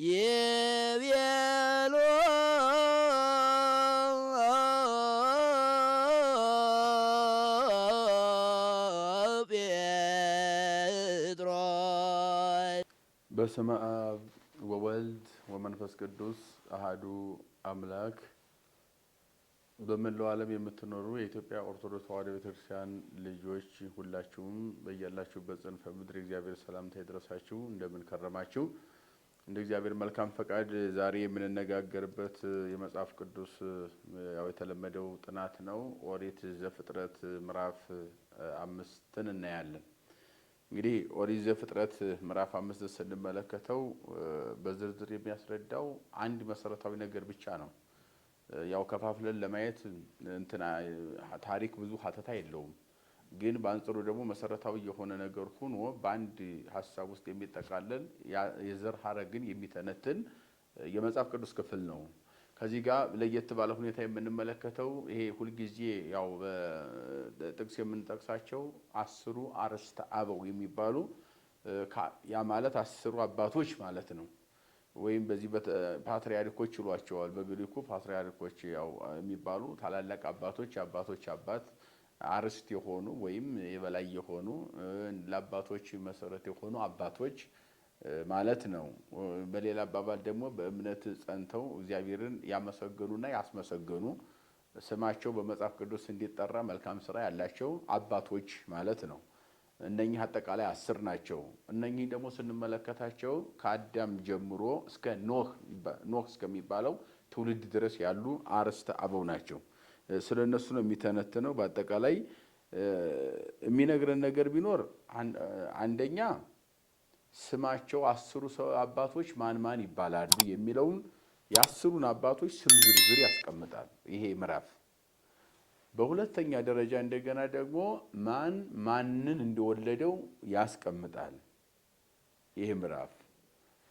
በስመ አብ ወወልድ ወመንፈስ ቅዱስ አህዱ አምላክ። በመላው ዓለም የምትኖሩ የኢትዮጵያ ኦርቶዶክስ ተዋሕዶ ቤተክርስቲያን ልጆች ሁላችሁም በያላችሁበት ጽንፈ ምድር እግዚአብሔር ሰላምታ ይድረሳችሁ። እንደምን ከረማችሁ? እንደ እግዚአብሔር መልካም ፈቃድ ዛሬ የምንነጋገርበት የመጽሐፍ ቅዱስ ያው የተለመደው ጥናት ነው። ኦሪት ዘፍጥረት ምዕራፍ አምስትን እናያለን። እንግዲህ ኦሪት ዘፍጥረት ምዕራፍ አምስት ስንመለከተው በዝርዝር የሚያስረዳው አንድ መሰረታዊ ነገር ብቻ ነው። ያው ከፋፍለን ለማየት እንትና ታሪክ ብዙ ሀተታ የለውም። ግን በአንጽሩ ደግሞ መሰረታዊ የሆነ ነገር ሆኖ በአንድ ሀሳብ ውስጥ የሚጠቃለል የዘር ሀረግን የሚተነትን የመጽሐፍ ቅዱስ ክፍል ነው። ከዚህ ጋር ለየት ባለ ሁኔታ የምንመለከተው ይሄ ሁልጊዜ ያው በጥቅስ የምንጠቅሳቸው አስሩ አርዕስተ አበው የሚባሉ ያ ማለት አስሩ አባቶች ማለት ነው። ወይም በዚህ ፓትሪያርኮች ይሏቸዋል። በግሪኩ ፓትሪያርኮች ያው የሚባሉ ታላላቅ አባቶች፣ አባቶች አባት አርስት የሆኑ ወይም የበላይ የሆኑ ለአባቶች መሰረት የሆኑ አባቶች ማለት ነው። በሌላ አባባል ደግሞ በእምነት ጸንተው እግዚአብሔርን ያመሰገኑና ያስመሰገኑ ስማቸው በመጽሐፍ ቅዱስ እንዲጠራ መልካም ስራ ያላቸው አባቶች ማለት ነው። እነኚህ አጠቃላይ አስር ናቸው። እነኚህ ደግሞ ስንመለከታቸው ከአዳም ጀምሮ እስከ ኖህ እስከሚባለው ትውልድ ድረስ ያሉ አርስተ አበው ናቸው። ስለ እነሱ ነው የሚተነትነው። በአጠቃላይ የሚነግረን ነገር ቢኖር አንደኛ ስማቸው አስሩ አባቶች ማን ማን ይባላሉ የሚለውን የአስሩን አባቶች ስም ዝርዝር ያስቀምጣል ይሄ ምዕራፍ። በሁለተኛ ደረጃ እንደገና ደግሞ ማን ማንን እንደወለደው ያስቀምጣል ይሄ ምዕራፍ።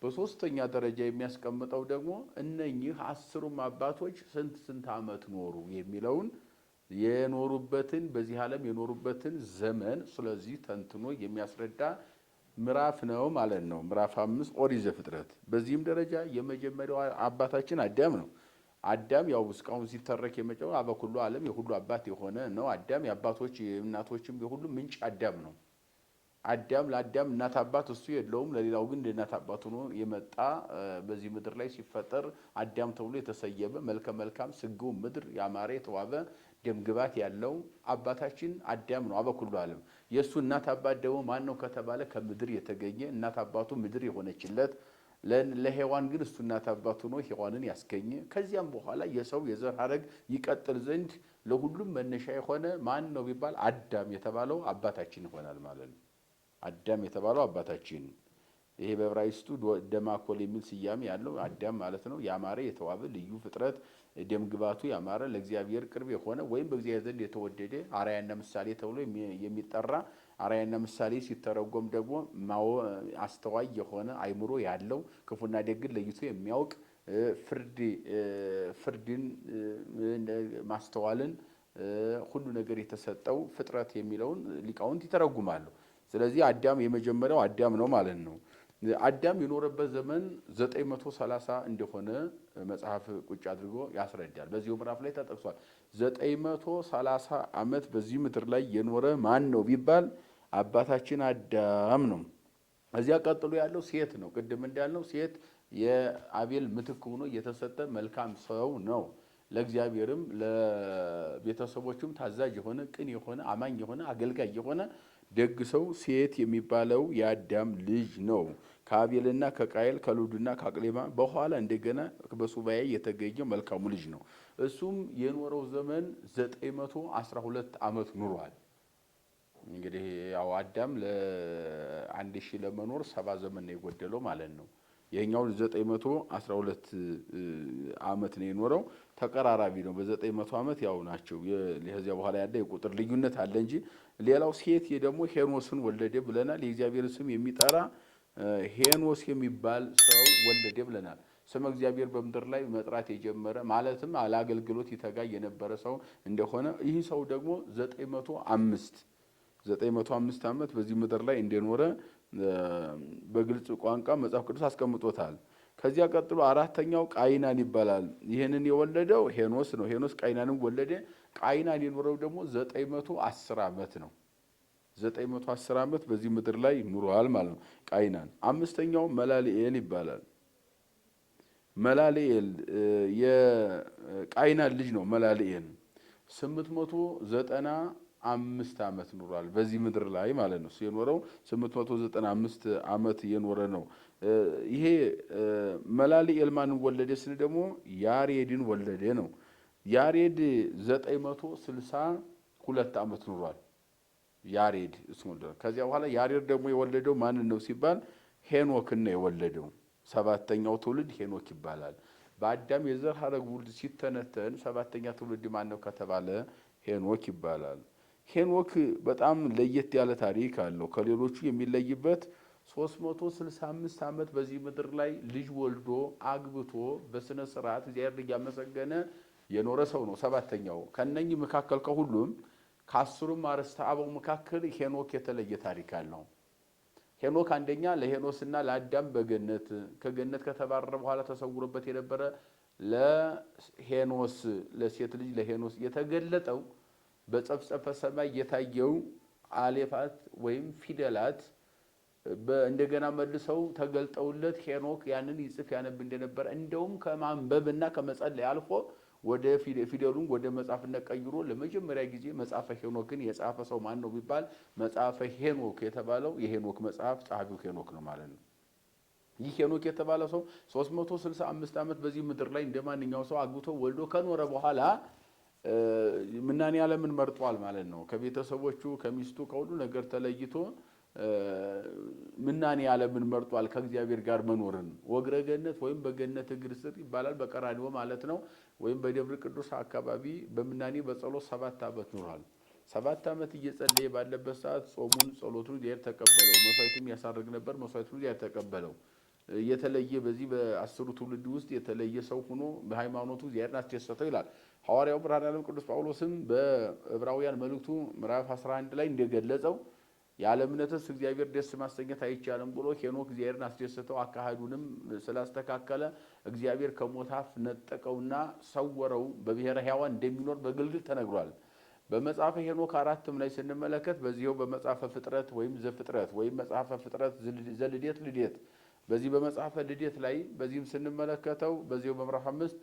በሶስተኛ ደረጃ የሚያስቀምጠው ደግሞ እነኚህ አስሩም አባቶች ስንት ስንት ዓመት ኖሩ የሚለውን የኖሩበትን በዚህ ዓለም የኖሩበትን ዘመን ስለዚህ ተንትኖ የሚያስረዳ ምዕራፍ ነው ማለት ነው። ምዕራፍ አምስት ኦሪት ዘፍጥረት። በዚህም ደረጃ የመጀመሪያው አባታችን አዳም ነው። አዳም ያው እስካሁን ሲተረክ የመጫው አበኩሉ ዓለም የሁሉ አባት የሆነ ነው። አዳም የአባቶች የእናቶችም የሁሉ ምንጭ አዳም ነው። አዳም ለአዳም እናት አባት እሱ የለውም፣ ለሌላው ግን እናት አባት ሆኖ የመጣ በዚህ ምድር ላይ ሲፈጠር አዳም ተብሎ የተሰየመ መልከ መልካም ስግው ምድር ያማረ የተዋበ ደምግባት ያለው አባታችን አዳም ነው። አበኩሉ ዓለም የእሱ እናት አባት ደግሞ ማን ነው ከተባለ ከምድር የተገኘ እናት አባቱ ምድር የሆነችለት ለሔዋን ግን እሱ እናት አባት ሆኖ ሔዋንን ያስገኘ ከዚያም በኋላ የሰው የዘር ሐረግ ይቀጥል ዘንድ ለሁሉም መነሻ የሆነ ማን ነው ቢባል አዳም የተባለው አባታችን ይሆናል ማለት ነው። አዳም የተባለው አባታችን ይሄ በዕብራይስጡ ደማኮል የሚል ስያሜ ያለው አዳም ማለት ነው። ያማረ የተዋበ ልዩ ፍጥረት ደም ግባቱ ያማረ ለእግዚአብሔር ቅርብ የሆነ ወይም በእግዚአብሔር ዘንድ የተወደደ አርአያና ምሳሌ ተብሎ የሚጠራ አርአያና ምሳሌ ሲተረጎም ደግሞ አስተዋይ የሆነ አይምሮ ያለው ክፉና ደግን ለይቶ የሚያውቅ ፍርድን ማስተዋልን ሁሉ ነገር የተሰጠው ፍጥረት የሚለውን ሊቃውንት ይተረጉማሉ። ስለዚህ አዳም የመጀመሪያው አዳም ነው ማለት ነው። አዳም የኖረበት ዘመን 930 እንደሆነ መጽሐፍ ቁጭ አድርጎ ያስረዳል። በዚሁ ምዕራፍ ላይ ተጠቅሷል። 930 ዓመት በዚህ ምድር ላይ የኖረ ማን ነው ቢባል አባታችን አዳም ነው። እዚያ ቀጥሎ ያለው ሴት ነው። ቅድም እንዳልነው ሴት የአቤል ምትክ ሆኖ የተሰጠ መልካም ሰው ነው። ለእግዚአብሔርም ለቤተሰቦቹም ታዛዥ የሆነ ቅን የሆነ አማኝ የሆነ አገልጋይ የሆነ ደግሰው ሴት የሚባለው የአዳም ልጅ ነው። ከአቤልና ከቃየል ከሉድና ከአቅሌማ በኋላ እንደገና በሱባኤ የተገኘው መልካሙ ልጅ ነው። እሱም የኖረው ዘመን 912 መቶ ዓመት ኑሯል። እንግዲህ ያው አዳም ለአንድ ሺህ ለመኖር ሰባ ዘመን ነው የጎደለው ማለት ነው። ይሄኛው 912 ዓመት ነው የኖረው። ተቀራራቢ ነው። በ900 ዓመት ያው ናቸው። ከዚያ በኋላ ያለ የቁጥር ልዩነት አለ እንጂ ሌላው ሴት ደግሞ ሄኖስን ወለደ ብለናል። የእግዚአብሔርን ስም የሚጠራ ሄኖስ የሚባል ሰው ወለደ ብለናል። ስመ እግዚአብሔር በምድር ላይ መጥራት የጀመረ ማለትም ለአገልግሎት ይተጋ የነበረ ሰው እንደሆነ ይህ ሰው ደግሞ 905 905 ዓመት በዚህ ምድር ላይ እንደኖረ በግልጽ ቋንቋ መጽሐፍ ቅዱስ አስቀምጦታል። ከዚያ ቀጥሎ አራተኛው ቃይናን ይባላል። ይህንን የወለደው ሄኖስ ነው። ሄኖስ ቃይናንም ወለደ። ቃይናን የኖረው ደግሞ ዘጠኝ መቶ አስር ዓመት ነው። ዘጠኝ መቶ አስር ዓመት በዚህ ምድር ላይ ኑሯል ማለት ነው ቃይናን። አምስተኛው መላልኤል ይባላል። መላልኤል የቃይናን ልጅ ነው። መላልኤል ስምንት መቶ ዘጠና አምስት ዓመት ኑሯል በዚህ ምድር ላይ ማለት ነው። የኖረው 895 ዓመት የኖረ ነው። ይሄ መላሊ ኤልማን ወለደ ስን ደግሞ ያሬድን ወለደ ነው። ያሬድ 962 ዓመት ኑሯል። ያሬድ እሱ ከዚያ በኋላ ያሬድ ደግሞ የወለደው ማንን ነው ሲባል ሄኖክን ነው የወለደው። ሰባተኛው ትውልድ ሄኖክ ይባላል። በአዳም የዘር ሐረግ ውልድ ሲተነተን ሰባተኛ ትውልድ ማን ነው ከተባለ ሄኖክ ይባላል። ሄኖክ በጣም ለየት ያለ ታሪክ አለው። ከሌሎቹ የሚለይበት 365 ዓመት በዚህ ምድር ላይ ልጅ ወልዶ አግብቶ በስነ ስርዓት እግዚአብሔር እያመሰገነ የኖረ ሰው ነው። ሰባተኛው ከነኚህ መካከል ከሁሉም ከአስሩም አርዕስተ አበው መካከል ሄኖክ የተለየ ታሪክ አለው። ሄኖክ አንደኛ ለሄኖስና ለአዳም በገነት ከገነት ከተባረረ በኋላ ተሰውሮበት የነበረ ለሄኖስ ለሴት ልጅ ለሄኖስ የተገለጠው በጸፍጸፈ ሰማይ የታየው አሌፋት ወይም ፊደላት እንደገና መልሰው ተገልጠውለት ሄኖክ ያንን ይጽፍ ያነብ እንደነበረ እንደውም ከማንበብና ከመጸለይ አልፎ ወደ ፊደሉን ወደ መጽሐፍነት ቀይሮ ለመጀመሪያ ጊዜ መጽሐፈ ሄኖክን የጻፈ ሰው ማን ነው ቢባል መጽሐፈ ሄኖክ የተባለው የሄኖክ መጽሐፍ ጸሐፊው ሄኖክ ነው ማለት ነው። ይህ ሄኖክ የተባለ ሰው 365 ዓመት በዚህ ምድር ላይ እንደ ማንኛው ሰው አግብቶ ወልዶ ከኖረ በኋላ ምናኔ ዓለምን መርጧል ማለት ነው። ከቤተሰቦቹ ከሚስቱ ከሁሉ ነገር ተለይቶ ምናኔ ዓለምን መርጧል፣ ከእግዚአብሔር ጋር መኖርን። ወግረገነት ወይም በገነት እግር ስር ይባላል በቀራኒዎ ማለት ነው። ወይም በደብር ቅዱስ አካባቢ በምናኔ በጸሎት ሰባት ዓመት ኑሯል። ሰባት ዓመት እየጸለየ ባለበት ሰዓት ጾሙን፣ ጸሎቱን እግዚአብሔር ተቀበለው። መስዋዕትም ያሳርግ ነበር፣ መስዋዕቱን እግዚአብሔር ተቀበለው። የተለየ በዚህ በአስሩ ትውልድ ውስጥ የተለየ ሰው ሆኖ በሃይማኖቱ እግዚአብሔርን አስደሰተው ይላል ሐዋርያው ብርሃን ዓለም ቅዱስ ጳውሎስም በዕብራውያን መልእክቱ ምዕራፍ 11 ላይ እንደገለጸው ያለ እምነትስ እግዚአብሔር ደስ ማሰኘት አይቻልም ብሎ ሄኖክ እግዚአብሔርን አስደሰተው፣ አካሄዱንም ስላስተካከለ እግዚአብሔር ከሞት አፍ ነጠቀውና ሰወረው በብሔረ ሕያዋን እንደሚኖር በግልግል ተነግሯል። በመጽሐፈ ሄኖክ አራትም ላይ ስንመለከት በዚህው በመጽሐፈ ፍጥረት ወይም ዘፍጥረት ወይም መጽሐፈ ፍጥረት ዘልዴት ልዴት በዚህ በመጽሐፈ ልደት ላይ በዚህም ስንመለከተው በዚሁ በምዕራፍ አምስት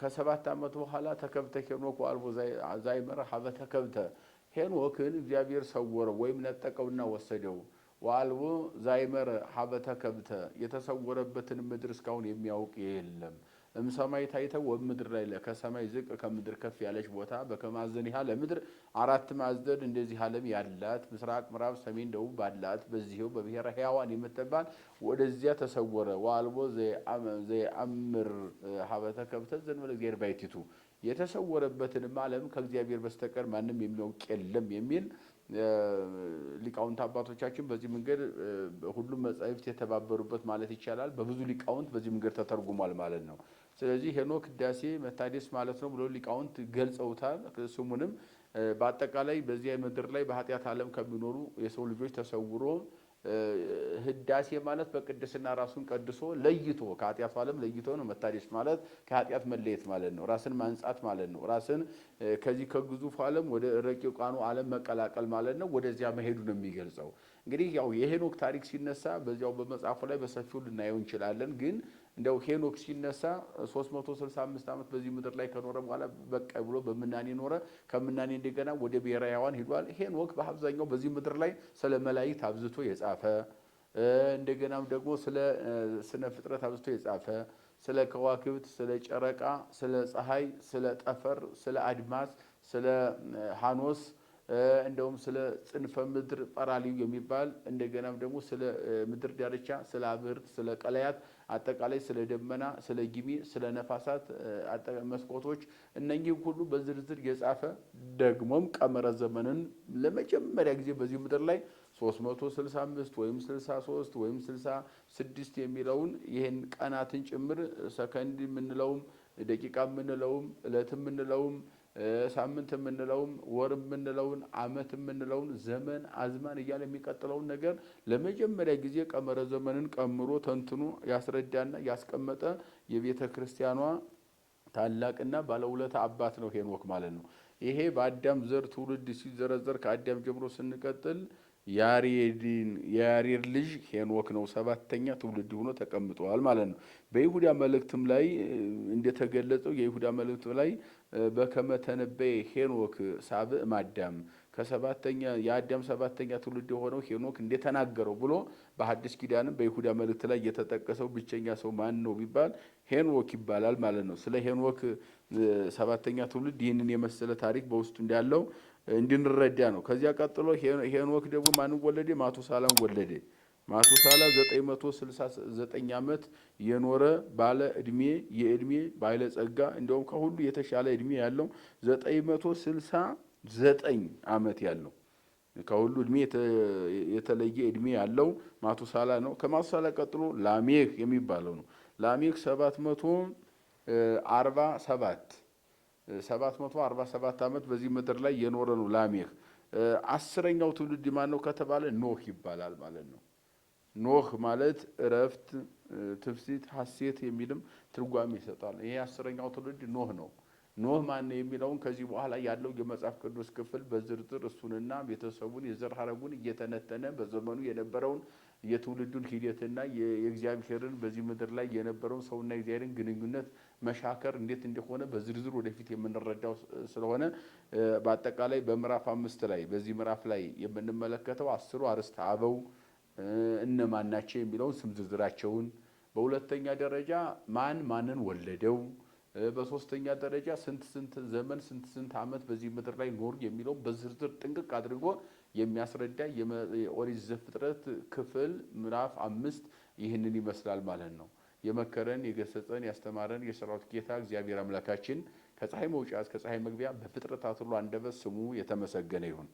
ከሰባት ዓመት በኋላ ተከብተ ሄኖክ አልቦ ዛይመረ ሀበ ተከብተ ሄኖክን እግዚአብሔር ሰወረው ወይም ነጠቀውና ወሰደው። ወአልቦ ዛይመረ ሀበ ተከብተ የተሰወረበትን ምድር እስካሁን የሚያውቅ የለም። እምሰማይ ታይተው ወምድር ላይ ከሰማይ ዝቅ ከምድር ከፍ ያለች ቦታ ይሃ ለምድር አራት ማዕዘን እንደዚህ ዓለም ያላት ምስራቅ፣ ምዕራብ፣ ሰሜን፣ ደቡብ ባላት በዚህው በብሔረ ሕያዋን የምትባል ወደዚያ ተሰወረ። ወአልቦ ዘየአምር ሀበተ ከብተ ዘእንበለ እግዚአብሔር ባይቲቱ የተሰወረበትንም ዓለም ከእግዚአብሔር በስተቀር ማንም የሚያውቅ የለም የሚል ሊቃውንት አባቶቻችን በዚህ መንገድ ሁሉም መጻሕፍት የተባበሩበት ማለት ይቻላል። በብዙ ሊቃውንት በዚህ መንገድ ተተርጉሟል ማለት ነው። ስለዚህ ሄኖክ ህዳሴ መታደስ ማለት ነው ብሎ ሊቃውንት ገልጸውታል። ስሙንም በአጠቃላይ በዚያ ምድር ላይ በኃጢአት ዓለም ከሚኖሩ የሰው ልጆች ተሰውሮ ህዳሴ ማለት በቅድስና ራሱን ቀድሶ ለይቶ ከኃጢአቱ ዓለም ለይቶ ነው። መታደስ ማለት ከኃጢአት መለየት ማለት ነው። ራስን ማንጻት ማለት ነው። ራስን ከዚህ ከግዙፉ ዓለም ወደ ረቂቃኑ ዓለም መቀላቀል ማለት ነው። ወደዚያ መሄዱ ነው የሚገልጸው። እንግዲህ ያው የሄኖክ ታሪክ ሲነሳ በዚያው በመጽሐፉ ላይ በሰፊው ልናየው እንችላለን ግን እንደው ሄኖክ ሲነሳ 365 ዓመት በዚህ ምድር ላይ ከኖረ በኋላ በቃ ብሎ በምናኔ ኖረ። ከምናኔ እንደገና ወደ ብሔራዊ ሕያዋን ሂዷል። ሄኖክ በአብዛኛው በዚህ ምድር ላይ ስለ መላእክት አብዝቶ የጻፈ እንደገናም ደግሞ ስለ ስነ ፍጥረት አብዝቶ የጻፈ ስለ ከዋክብት፣ ስለ ጨረቃ፣ ስለ ፀሐይ፣ ስለ ጠፈር፣ ስለ አድማስ፣ ስለ ሃኖስ። እንደውም ስለ ጽንፈ ምድር ጳራሊው የሚባል እንደገናም ደግሞ ስለ ምድር ዳርቻ፣ ስለ አብርት፣ ስለ ቀለያት፣ አጠቃላይ ስለ ደመና፣ ስለ ጊሜ፣ ስለ ነፋሳት መስኮቶች እነኚህ ሁሉ በዝርዝር የጻፈ ደግሞም ቀመረ ዘመንን ለመጀመሪያ ጊዜ በዚህ ምድር ላይ 365 ወይም 63 ወይም 66 የሚለውን ይህን ቀናትን ጭምር ሰከንድ የምንለውም ደቂቃ የምንለውም እለት የምንለውም ሳምንት የምንለውም ወር የምንለውን ዓመት የምንለውን ዘመን አዝማን እያለ የሚቀጥለውን ነገር ለመጀመሪያ ጊዜ ቀመረ ዘመንን ቀምሮ ተንትኖ ያስረዳና ያስቀመጠ የቤተ ክርስቲያኗ ታላቅና ባለውለታ አባት ነው ሄኖክ ማለት ነው። ይሄ በአዳም ዘር ትውልድ ሲዘረዘር ከአዳም ጀምሮ ስንቀጥል የያሬድ ልጅ ሄኖክ ነው ሰባተኛ ትውልድ ሆኖ ተቀምጠዋል ማለት ነው። በይሁዳ መልእክትም ላይ እንደተገለጸው የይሁዳ መልእክት ላይ በከመ ተነበየ ሄኖክ ሳብእ ማዳም ከሰባተኛ የአዳም ሰባተኛ ትውልድ የሆነው ሄኖክ እንደተናገረው ብሎ በሐዲስ ኪዳንም በይሁዳ መልእክት ላይ የተጠቀሰው ብቸኛ ሰው ማን ነው ቢባል ሄኖክ ይባላል ማለት ነው። ስለ ሄኖክ ሰባተኛ ትውልድ ይህንን የመሰለ ታሪክ በውስጡ እንዳለው እንድንረዳ ነው። ከዚያ ቀጥሎ ሄኖክ ደግሞ ማን ወለደ? ማቱሳላን ወለደ። ማቱሳላ 969 ዓመት የኖረ ባለ እድሜ የእድሜ ጸጋ እንደውም ከሁሉ የተሻለ እድሜ ያለው 969 ዓመት ያለው ከሁሉ እድሜ የተለየ እድሜ ያለው ማቱሳላ ነው። ከማቱሳላ ቀጥሎ ላሜህ የሚባለው ነው። ላሜህ 747 ሰባት ዓመት በዚህ ምድር ላይ የኖረ ነው ላሜህ። አስረኛው ትውልድ ማን ነው ከተባለ ኖህ ይባላል ማለት ነው። ኖህ ማለት እረፍት፣ ትፍሲት፣ ሀሴት የሚልም ትርጓሜ ይሰጣል። ይሄ አስረኛው ትውልድ ኖህ ነው። ኖህ ማን የሚለውን ከዚህ በኋላ ያለው የመጽሐፍ ቅዱስ ክፍል በዝርዝር እሱንና ቤተሰቡን የዘር ሀረጉን እየተነተነ በዘመኑ የነበረውን የትውልዱን ሂደትና የእግዚአብሔርን በዚህ ምድር ላይ የነበረውን ሰውና እግዚአብሔርን ግንኙነት መሻከር እንዴት እንደሆነ በዝርዝር ወደፊት የምንረዳው ስለሆነ በአጠቃላይ በምዕራፍ አምስት ላይ በዚህ ምዕራፍ ላይ የምንመለከተው አስሩ አርዕስተ አበው እነማን ናቸው የሚለውን ስም ዝርዝራቸውን፣ በሁለተኛ ደረጃ ማን ማንን ወለደው በሶስተኛ ደረጃ ስንት ስንት ዘመን ስንት ስንት ዓመት በዚህ ምድር ላይ ኖሩ የሚለው በዝርዝር ጥንቅቅ አድርጎ የሚያስረዳ የኦሪት ዘፍጥረት ክፍል ምዕራፍ አምስት ይህንን ይመስላል ማለት ነው። የመከረን የገሰጸን ያስተማረን የሰራዊት ጌታ እግዚአብሔር አምላካችን ከፀሐይ መውጫ እስከ ፀሐይ መግቢያ በፍጥረታት ሁሉ አንደበት ስሙ የተመሰገነ ይሁን።